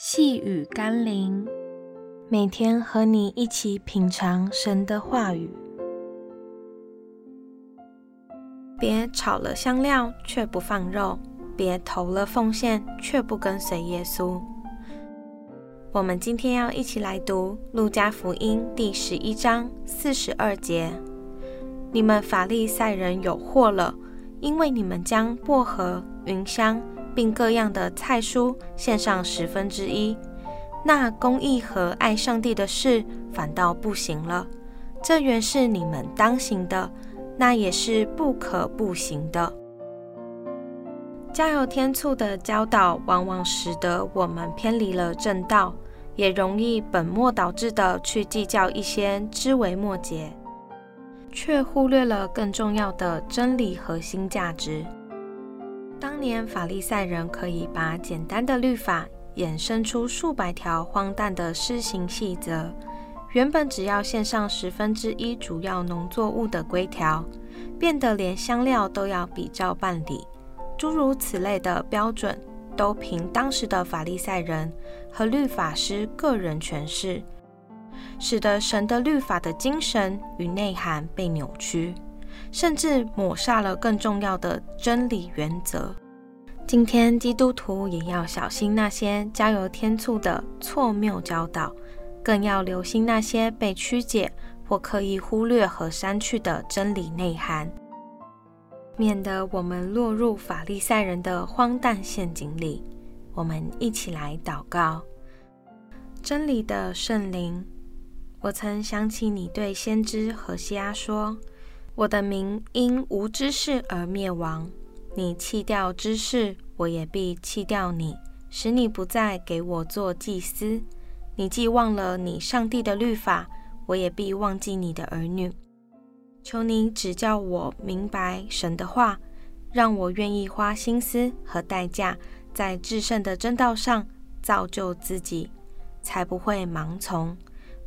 細語甘霖，每天和你一起品嘗神的話語。別炒了香料卻不放肉，別投了奉獻卻不跟隨耶穌。我們今天要一起來讀《路加福音》第十一章四十二節：“你們法利賽人有禍了，因為你們將薄荷、芸香。”並各樣的菜蔬獻上十分之一，那公義和愛上帝的事反倒不行了。這原是你們當行的，那也是不可不行的。加油添醋的教導，往往使得我們偏離了正道，也容易本末倒置地去計較一些枝微末節，卻忽略了更重要的真理核心價值。當年法利賽人可以把簡單的律法衍生出數百條荒誕的施行細則。原本只要獻上十分之一主要農作物的規條，變得連香料都要比照辦理。諸如此類的標準，都憑當時的法利賽人和律法師個人詮釋，使得神的律法的精神與內涵被扭曲，甚至抹殺了更重要的真理原則。今天基督徒也要小心那些加油添醋的錯謬教導，更要留心那些被曲解或刻意忽略和刪去的真理內涵，免得我們落入法利賽人的荒誕陷阱裡。我們一起來禱告：真理的聖靈，我曾想起你對先知何西阿說：“我的民因無知識而滅亡。”你棄掉知識，我也必棄掉你，使你不再給我做祭司。你既忘了你上帝的律法，我也必忘記你的兒女。求你指教我明白神的話，讓我願意花心思和代價，在至聖的真道上造就自己，才不會盲從。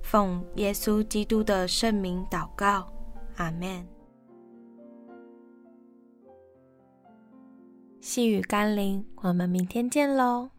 奉耶穌基督的聖名禱告，阿門。細語甘霖，我們明天見嘍。